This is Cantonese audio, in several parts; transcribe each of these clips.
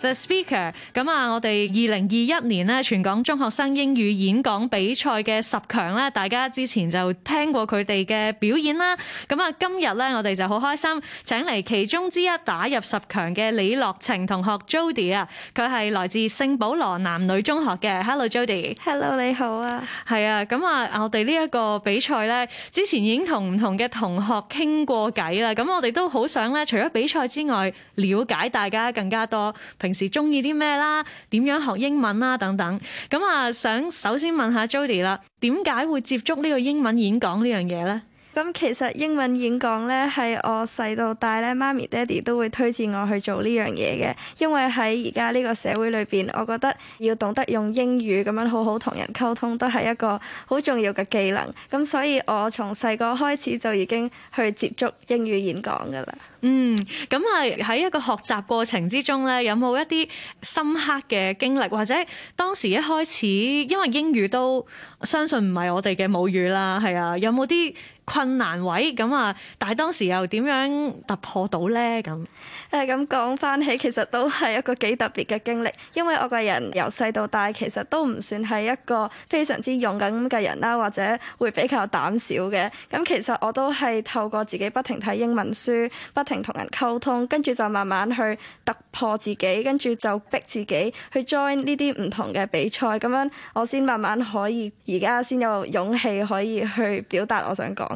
The speaker，咁啊，我哋二零二一年呢，全港中學生英語演講比賽嘅十強呢，大家之前就聽過佢哋嘅表演啦。咁啊，今日呢，我哋就好開心請嚟其中之一打入十強嘅李樂晴同學 Jody 啊，佢係來自聖保羅男女中學嘅。Hello Jody。Hello 你好啊。係啊，咁啊，我哋呢一個比賽呢，之前已經同唔同嘅同學傾過偈啦。咁我哋都好想呢，除咗比賽之外，了解大家更加多。平時中意啲咩啦？點樣學英文啦？等等。咁啊，想首先問下 Jody 啦，點解會接觸呢個英文演講呢樣嘢呢？咁其實英文演講咧係我細到大咧，媽咪爹哋都會推薦我去做呢樣嘢嘅，因為喺而家呢個社會裏邊，我覺得要懂得用英語咁樣好好同人溝通，都係一個好重要嘅技能。咁所以，我從細個開始就已經去接觸英語演講噶啦。嗯，咁啊喺一個學習過程之中咧，有冇一啲深刻嘅經歷，或者當時一開始因為英語都相信唔係我哋嘅母語啦，係啊，有冇啲？困難位咁啊。但係當時又點樣突破到咧？咁誒，咁講翻起，其實都係一個幾特別嘅經歷。因為我個人由細到大，其實都唔算係一個非常之勇敢嘅人啦，或者會比較膽小嘅。咁其實我都係透過自己不停睇英文書，不停同人溝通，跟住就慢慢去突破自己，跟住就逼自己去 join 呢啲唔同嘅比賽，咁樣我先慢慢可以而家先有勇氣可以去表達我想講。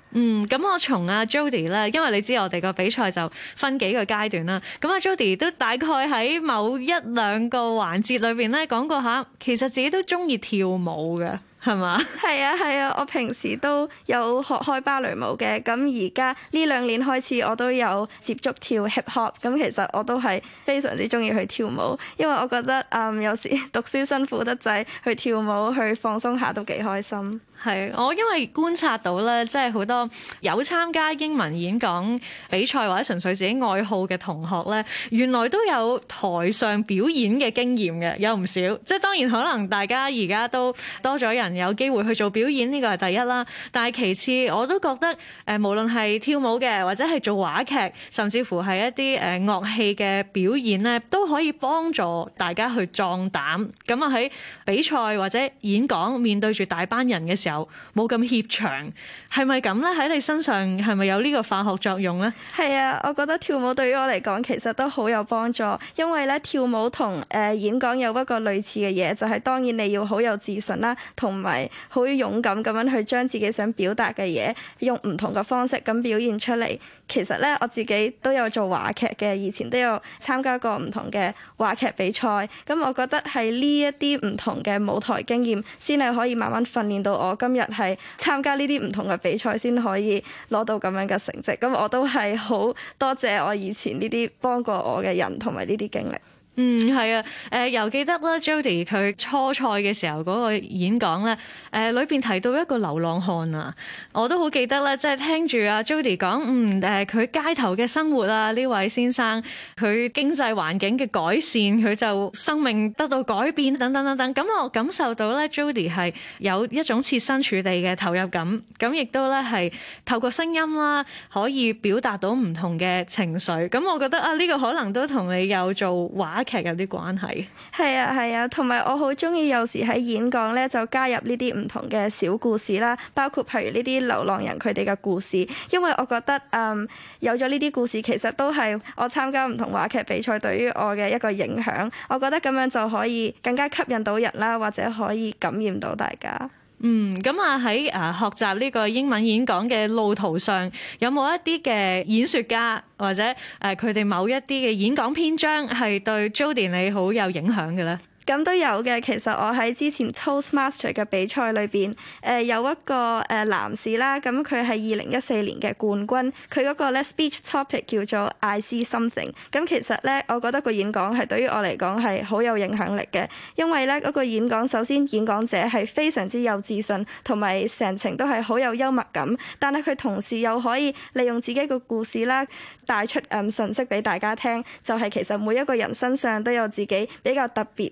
嗯，咁我從阿 Jody 啦，因為你知我哋個比賽就分幾個階段啦。咁阿 Jody 都大概喺某一兩個環節裏邊咧講過嚇，其實自己都中意跳舞嘅，係嘛？係啊，係啊，我平時都有學開芭蕾舞嘅。咁而家呢兩年開始，我都有接觸跳 hip hop。咁其實我都係非常之中意去跳舞，因為我覺得啊、嗯，有時讀書辛苦得滯去跳舞去放鬆下都幾開心。係、啊、我因為觀察到咧，即係好多。有參加英文演講比賽或者純粹自己愛好嘅同學咧，原來都有台上表演嘅經驗嘅，有唔少。即係當然可能大家而家都多咗人有機會去做表演，呢個係第一啦。但係其次，我都覺得誒、呃、無論係跳舞嘅，或者係做話劇，甚至乎係一啲誒樂器嘅表演咧，都可以幫助大家去壯膽，咁啊喺比賽或者演講面對住大班人嘅時候，冇咁怯場，係咪咁咧？喺你身上係咪有呢個化學作用呢？係啊，我覺得跳舞對於我嚟講，其實都好有幫助，因為咧跳舞同誒演講有一個類似嘅嘢，就係當然你要好有自信啦，同埋好勇敢咁樣去將自己想表達嘅嘢，用唔同嘅方式咁表現出嚟。其實咧，我自己都有做話劇嘅，以前都有參加過唔同嘅話劇比賽。咁我覺得係呢一啲唔同嘅舞台經驗，先係可以慢慢訓練到我今日係參加呢啲唔同嘅比賽，先可以攞到咁樣嘅成績。咁我都係好多謝我以前呢啲幫過我嘅人同埋呢啲經歷。嗯，係啊，誒、呃、又記得啦 Jody 佢初賽嘅時候個演講咧，誒、呃、裏邊提到一個流浪漢啊，我都好記得咧，即係聽住阿、啊、Jody 講嗯，誒、呃、佢街頭嘅生活啊，呢位先生佢經濟環境嘅改善，佢就生命得到改變等等等等，等，咁我感受到咧，Jody 係有一種設身處地嘅投入感，咁亦都咧係透過聲音啦，可以表達到唔同嘅情緒，咁我覺得啊，呢、這個可能都同你有做畫。劇有啲關係，係啊係啊，同埋、啊、我好中意有時喺演講咧就加入呢啲唔同嘅小故事啦，包括譬如呢啲流浪人佢哋嘅故事，因為我覺得嗯有咗呢啲故事，其實都係我參加唔同話劇比賽對於我嘅一個影響。我覺得咁樣就可以更加吸引到人啦，或者可以感染到大家。嗯，咁啊喺誒學習呢個英文演講嘅路途上，有冇一啲嘅演說家或者誒佢哋某一啲嘅演講篇章係對 Jody 你好有影響嘅咧？咁都有嘅，其實我喺之前 Toastmaster 嘅比賽裏邊，誒有一個誒男士啦，咁佢係二零一四年嘅冠軍，佢嗰個呢 speech topic 叫做 I see something。咁其實呢，我覺得個演講係對於我嚟講係好有影響力嘅，因為呢嗰個演講首先演講者係非常之有自信，同埋成程都係好有幽默感，但係佢同時又可以利用自己個故事啦，帶出嗯信息俾大家聽，就係其實每一個人身上都有自己比較特別。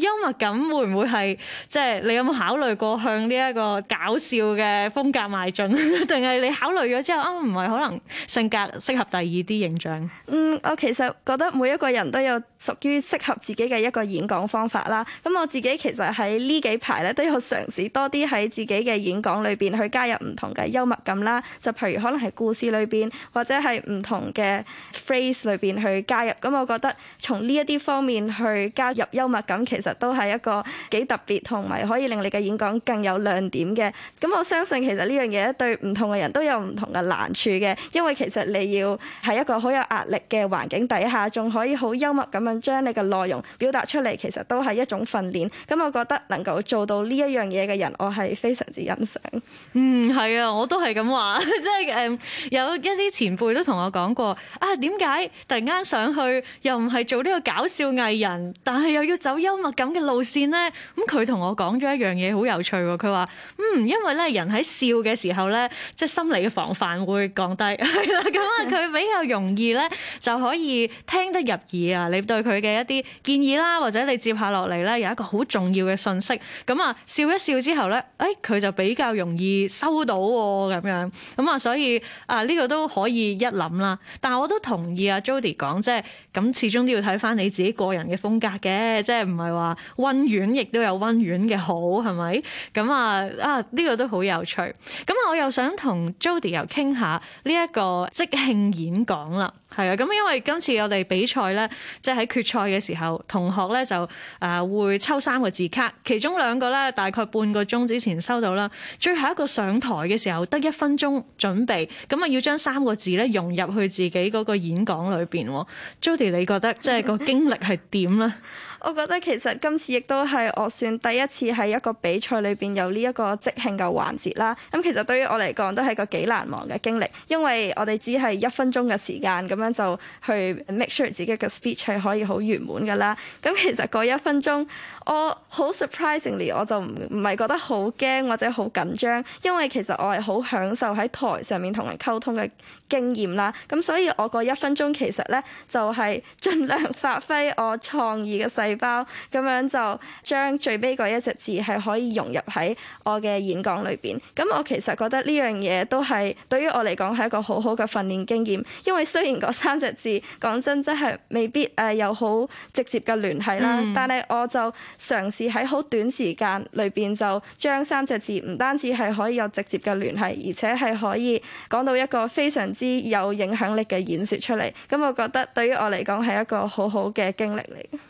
幽默感會唔會係即係你有冇考慮過向呢一個搞笑嘅風格邁進，定 係你考慮咗之後啊唔係可能性格適合第二啲形象？嗯，我其實覺得每一個人都有屬於適合自己嘅一個演講方法啦。咁我自己其實喺呢幾排咧都有嘗試多啲喺自己嘅演講裏邊去加入唔同嘅幽默感啦。就譬如可能係故事裏邊或者係唔同嘅 phrase 裏邊去加入。咁我覺得從呢一啲方面去加入幽默感，其實。都係一個幾特別同埋可以令你嘅演講更有亮點嘅。咁我相信其實呢樣嘢對唔同嘅人都有唔同嘅難處嘅，因為其實你要喺一個好有壓力嘅環境底下，仲可以好幽默咁樣將你嘅內容表達出嚟，其實都係一種訓練。咁我覺得能夠做到呢一樣嘢嘅人，我係非常之欣賞。嗯，係啊，我都係咁話，即係誒，有一啲前輩都同我講過，啊，點解突然間上去又唔係做呢個搞笑藝人，但係又要走幽默？咁嘅路線咧，咁佢同我講咗一樣嘢，好有趣喎。佢話：嗯，因為咧人喺笑嘅時候咧，即係心理嘅防範會降低，係啦。咁啊，佢比較容易咧就可以聽得入耳啊。你對佢嘅一啲建議啦，或者你接下落嚟咧有一個好重要嘅信息。咁啊，笑一笑之後咧，誒佢就比較容易收到喎，咁樣。咁啊，所以啊呢個都可以一諗啦。但係我都同意啊 Jody 講，即係咁始終都要睇翻你自己個人嘅風格嘅，即係唔係話。溫軟亦都有溫軟嘅好，係咪？咁啊啊，呢、這個都好有趣。咁啊，我又想同 Jody 又傾下呢一個即興演講啦。係啊，咁因為今次我哋比賽咧，即係喺決賽嘅時候，同學咧就啊會抽三個字卡，其中兩個咧大概半個鐘之前收到啦，最後一個上台嘅時候得一分鐘準備，咁啊要將三個字咧融入去自己嗰個演講裏邊。哦、Jody，你覺得即係、就是、個經歷係點咧？ 我覺得其實今次亦都係我算第一次喺一個比賽裏邊有呢一個即興嘅環節啦。咁、嗯、其實對於我嚟講都係個幾難忘嘅經歷，因為我哋只係一分鐘嘅時間，咁樣就去 make sure 自己嘅 speech 係可以好圓滿㗎喇。咁、嗯、其實嗰一分鐘，我好 surprisingly 我就唔唔係覺得好驚或者好緊張，因為其實我係好享受喺台上面同人溝通嘅經驗啦。咁、嗯、所以我嗰一分鐘其實咧就係、是、盡量發揮我創意嘅勢。包咁樣就將最尾嗰一隻字係可以融入喺我嘅演講裏邊。咁我其實覺得呢樣嘢都係對於我嚟講係一個好好嘅訓練經驗。因為雖然嗰三隻字講真真係未必誒有好直接嘅聯繫啦，嗯、但係我就嘗試喺好短時間裏邊就將三隻字唔單止係可以有直接嘅聯繫，而且係可以講到一個非常之有影響力嘅演說出嚟。咁我覺得對於我嚟講係一個好好嘅經歷嚟。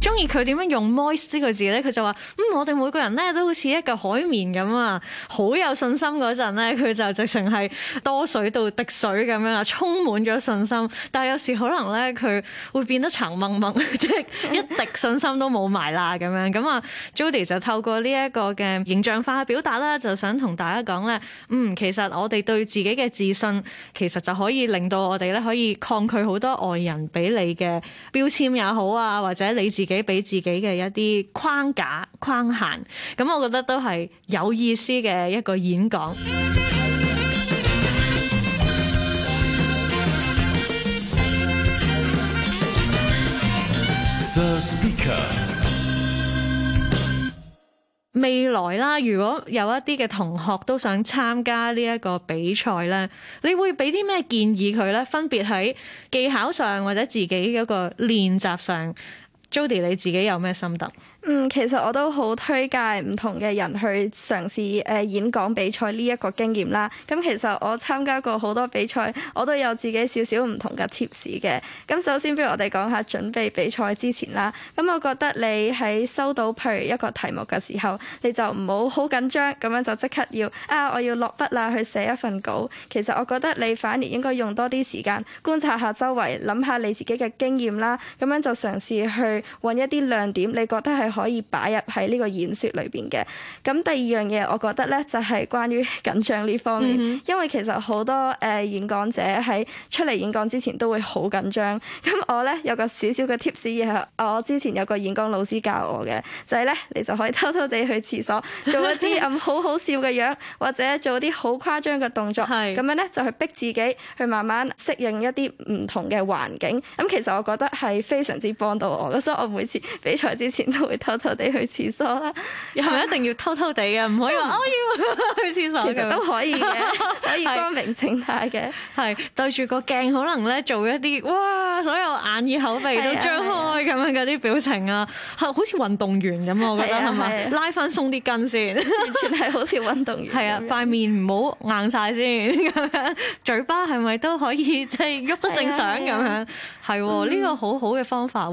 中意佢點樣用 moist 呢個字咧？佢就話，嗯，我哋每個人咧都好似一個海綿咁啊，好有信心嗰陣咧，佢就直情係多水到滴水咁樣啦，充滿咗信心。但係有時可能咧，佢會變得乾掹掹，即 係一滴信心都冇埋啦咁樣。咁啊 Judy 就透過呢一個嘅形象化嘅表達啦，就想同大家講咧，嗯，其實我哋對自己嘅自信，其實就可以令到我哋咧可以抗拒好多外人俾你嘅標籤也好啊，或者你自己。自己俾自己嘅一啲框架框限，咁我覺得都係有意思嘅一個演講。未來啦，如果有一啲嘅同學都想參加呢一個比賽咧，你會俾啲咩建議佢呢？分別喺技巧上或者自己一個練習上。Jody，你自己有咩心得？嗯，其實我都好推介唔同嘅人去嘗試誒演講比賽呢一個經驗啦。咁其實我參加過好多比賽，我都有自己少少唔同嘅 tips 嘅。咁首先，不如我哋講下準備比賽之前啦。咁我覺得你喺收到譬如一個題目嘅時候，你就唔好好緊張，咁樣就即刻要啊我要落筆啦去寫一份稿。其實我覺得你反而應該用多啲時間觀察下周圍，諗下你自己嘅經驗啦，咁樣就嘗試去揾一啲亮點，你覺得係。可以擺入喺呢個演說裏邊嘅。咁第二樣嘢，我覺得咧就係關於緊張呢方面，mm hmm. 因為其實好多誒演講者喺出嚟演講之前都會好緊張。咁我咧有個小小嘅 tips，亦係我之前有個演講老師教我嘅，就係咧你就可以偷偷地去廁所做一啲咁好好笑嘅樣，或者做啲好誇張嘅動作，咁 樣咧就去逼自己去慢慢適應一啲唔同嘅環境。咁其實我覺得係非常之幫到我，所以我每次比賽之前都會。偷偷地去廁所啦，又係咪一定要偷偷地嘅？唔 可以話我要 去廁洗所手。其實都可以嘅， 可以光明正大嘅。係對住個鏡，可能咧做一啲哇，所有眼耳口鼻都張開咁樣嗰啲表情啊，係、啊、好似運動員咁我覺得係咪？拉翻鬆啲筋先， 完全係好似運動員。係啊，塊面唔好硬晒先，咁 樣嘴巴係咪都可以即係喐得正常咁樣、啊？係喎，呢個、 嗯、好好嘅方法喎。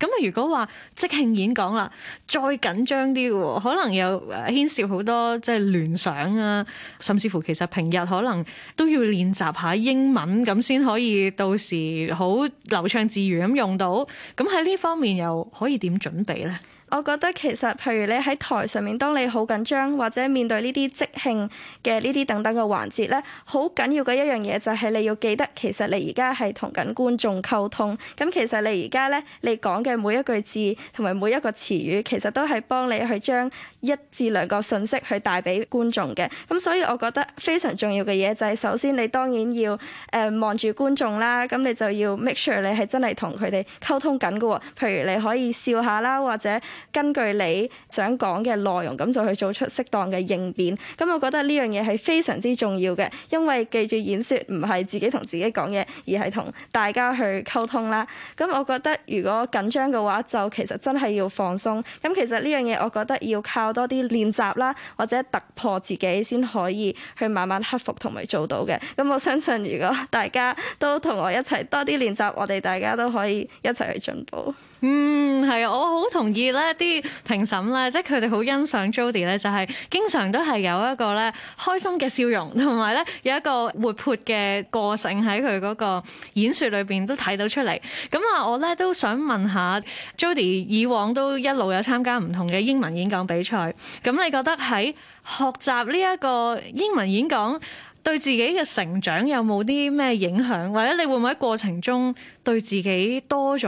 咁啊，如果話即興演講啦，再緊張啲嘅，可能又牽涉好多即係聯想啊，甚至乎其實平日可能都要練習下英文，咁先可以到時好流暢自如咁用到。咁喺呢方面又可以點準備呢？我覺得其實，譬如你喺台上面，當你好緊張或者面對呢啲即興嘅呢啲等等嘅環節咧，好緊要嘅一樣嘢就係你要記得，其實你而家係同緊觀眾溝通。咁其實你而家咧，你講嘅每一句字同埋每一個詞語，其實都係幫你去將一至兩個信息去帶俾觀眾嘅。咁所以，我覺得非常重要嘅嘢就係，首先你當然要誒望住觀眾啦。咁你就要 make sure 你係真係同佢哋溝通緊㗎喎。譬如你可以笑下啦，或者～根據你想講嘅內容，咁就去做出適當嘅應變。咁我覺得呢樣嘢係非常之重要嘅，因為記住演說唔係自己同自己講嘢，而係同大家去溝通啦。咁我覺得如果緊張嘅話，就其實真係要放鬆。咁其實呢樣嘢我覺得要靠多啲練習啦，或者突破自己先可以去慢慢克服同埋做到嘅。咁我相信如果大家都同我一齊多啲練習，我哋大家都可以一齊去進步。嗯，係啊，我好同意咧，啲評審咧，即係佢哋好欣賞 Jody 咧，就係經常都係有一個咧開心嘅笑容，同埋咧有一個活潑嘅個性喺佢嗰個演説裏邊都睇到出嚟。咁啊，我咧都想問下 Jody，以往都一路有參加唔同嘅英文演講比賽，咁你覺得喺學習呢一個英文演講，對自己嘅成長有冇啲咩影響，或者你會唔會喺過程中對自己多咗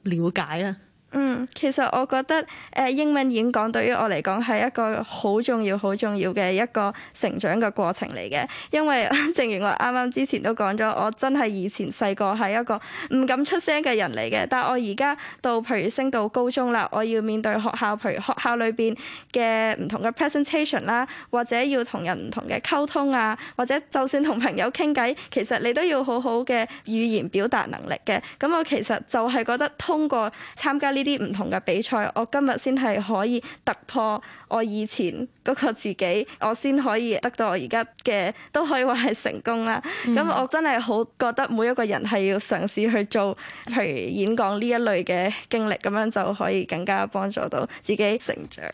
了解呢？嗯，其實我覺得誒英文演講對於我嚟講係一個好重要、好重要嘅一個成長嘅過程嚟嘅。因為正如我啱啱之前都講咗，我真係以前細個係一個唔敢出聲嘅人嚟嘅。但係我而家到譬如升到高中啦，我要面對學校，譬如學校裏邊嘅唔同嘅 presentation 啦，或者要同人唔同嘅溝通啊，或者就算同朋友傾偈，其實你都要好好嘅語言表達能力嘅。咁我其實就係覺得通過參加呢。呢啲唔同嘅比賽，我今日先係可以突破我以前嗰個自己，我先可以得到我而家嘅都可以話係成功啦。咁、嗯、我真係好覺得每一個人係要嘗試去做，譬如演講呢一類嘅經歷，咁樣就可以更加幫助到自己成長。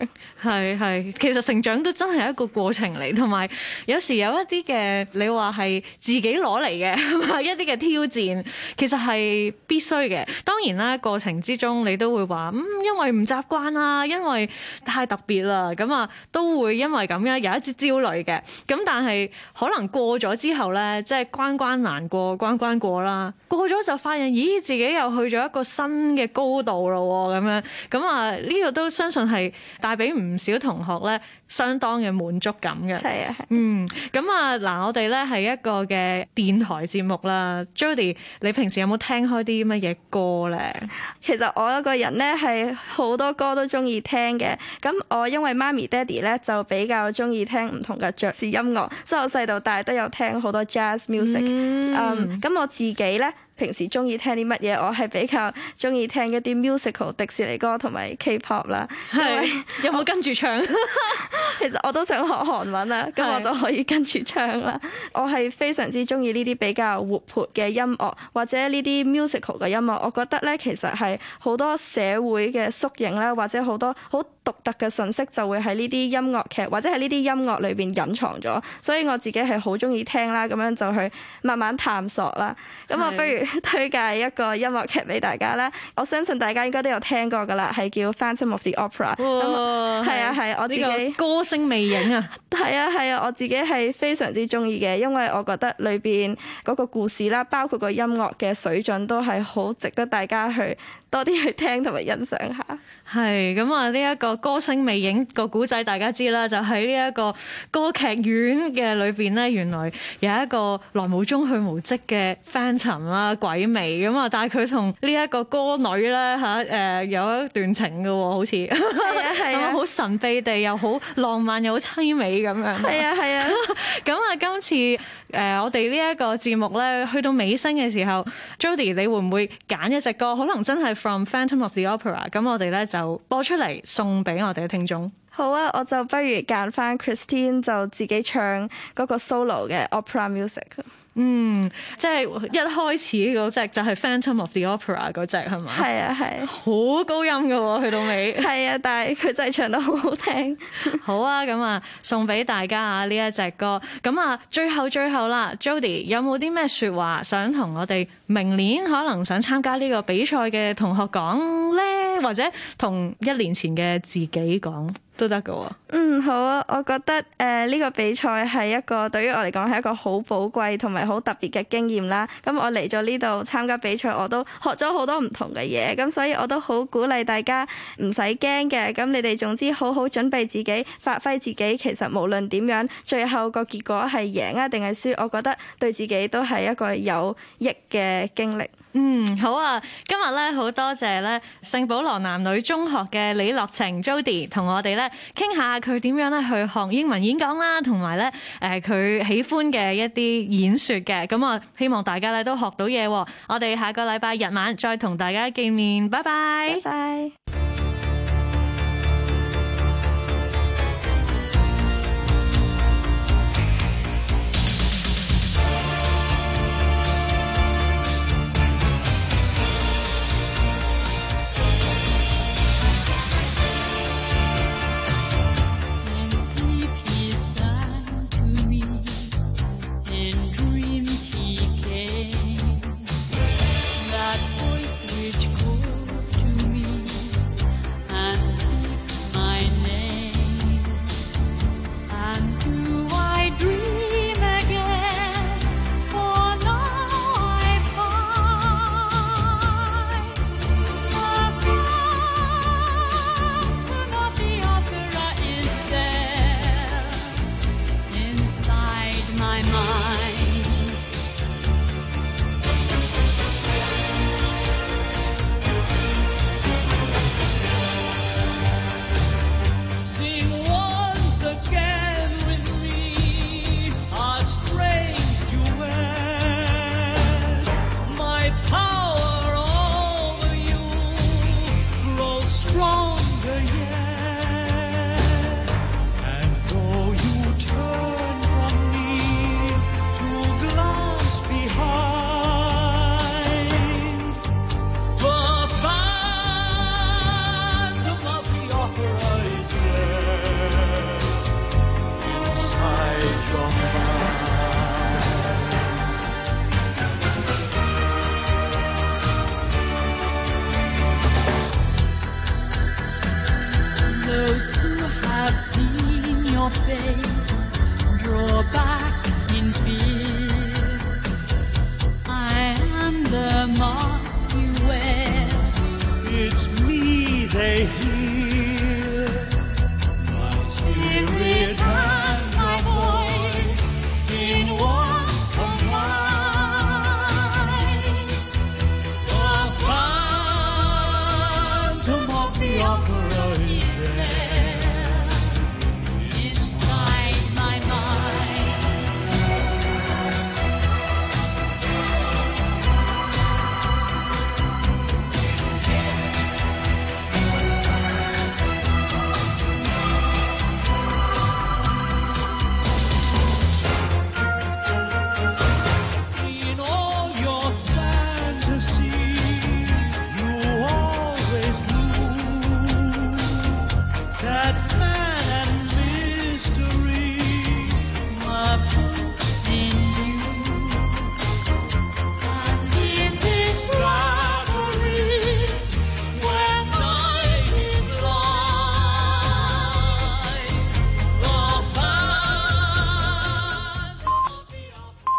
係係，其實成長都真係一個過程嚟，同埋有，有時有一啲嘅你話係自己攞嚟嘅一啲嘅挑戰，其實係必須嘅。當然啦，過程之中你都會話嗯，因為唔習慣啦、啊，因為太特別啦，咁啊都會因為咁樣有一啲焦慮嘅。咁但係可能過咗之後咧，即係關關難過關關過啦，過咗就發現咦，自己又去咗一個新嘅高度咯喎、哦，咁樣咁啊呢個、啊、都相信係帶俾唔少同學咧。相當嘅滿足感嘅，係啊，係，嗯，咁啊，嗱，我哋咧係一個嘅電台節目啦，Judy，你平時有冇聽開啲乜嘢歌咧？其實我一個人咧係好多歌都中意聽嘅，咁我因為媽咪爹哋咧就比較中意聽唔同嘅爵士音樂，所以我細到大都有聽好多 jazz music，咁我自己咧。平時中意聽啲乜嘢？我係比較中意聽一啲 musical、迪士尼歌同埋 K-pop 啦。係有冇跟住唱？ 其實我都想學韓文啊，咁我就可以跟住唱啦。是我係非常之中意呢啲比較活潑嘅音樂，或者呢啲 musical 嘅音樂。我覺得咧，其實係好多社會嘅縮影啦，或者好多好獨特嘅信息就會喺呢啲音樂劇或者喺呢啲音樂裏邊隱藏咗。所以我自己係好中意聽啦，咁樣就去慢慢探索啦。咁我不如～推介一個音樂劇俾大家啦，我相信大家應該都有聽過噶啦，係叫《Phantom of the Opera》。哇！係啊係，我自己歌聲魅影啊。係啊係啊，我自己係、啊啊啊、非常之中意嘅，因為我覺得裏邊嗰個故事啦，包括個音樂嘅水準都係好值得大家去多啲去聽同埋欣賞下。係，咁啊、嗯！呢、那、一個歌聲魅影個古仔大家知啦，就喺呢一個歌劇院嘅裏邊咧，原來有一個來無蹤去無跡嘅 Phantom 啦、鬼魅咁啊！但係佢同呢一個歌女咧吓誒有一段情嘅、喔，好似係啊，好神秘地又好浪漫又好淒美咁樣，係啊係啊！咁啊、， 嗯、啊，今次誒、呃、我哋呢一個節目咧，去到尾聲嘅時候，Jody，你會唔會揀一隻歌？可能真係 From Phantom of the Opera。咁我哋咧就～播出嚟送俾我哋嘅聽眾。好啊，我就不如揀翻 Christine 就自己唱嗰個 solo 嘅 opera music。嗯，即係一開始嗰隻就係 Phantom of the Opera 嗰隻係嘛？係啊，係好高音噶啊，去到尾。係啊，但係佢真係唱得好好聽。 好啊，咁啊，送俾大家啊呢一隻歌。咁啊，最後最後啦，Jody 有冇啲咩說話想同我哋？明年可能想參加呢個比賽嘅同學講咧，或者同一年前嘅自己講都得嘅喎。嗯，好啊，我覺得誒呢個比賽係一個對於我嚟講係一個好寶貴同埋好特別嘅經驗啦。咁我嚟咗呢度參加比賽，我都學咗好多唔同嘅嘢。咁所以我都好鼓勵大家唔使驚嘅。咁你哋總之好好準備自己，發揮自己。其實無論點樣，最後個結果係贏啊定係輸，我覺得對自己都係一個有益嘅嘅經歷，嗯，好啊，今日咧好多謝咧聖保羅男女中學嘅李樂晴 Jody 同我哋咧傾下佢點樣咧去學英文演講啦，同埋咧誒佢喜歡嘅一啲演說嘅，咁啊希望大家咧都學到嘢，我哋下個禮拜日晚再同大家見面，拜拜，拜拜。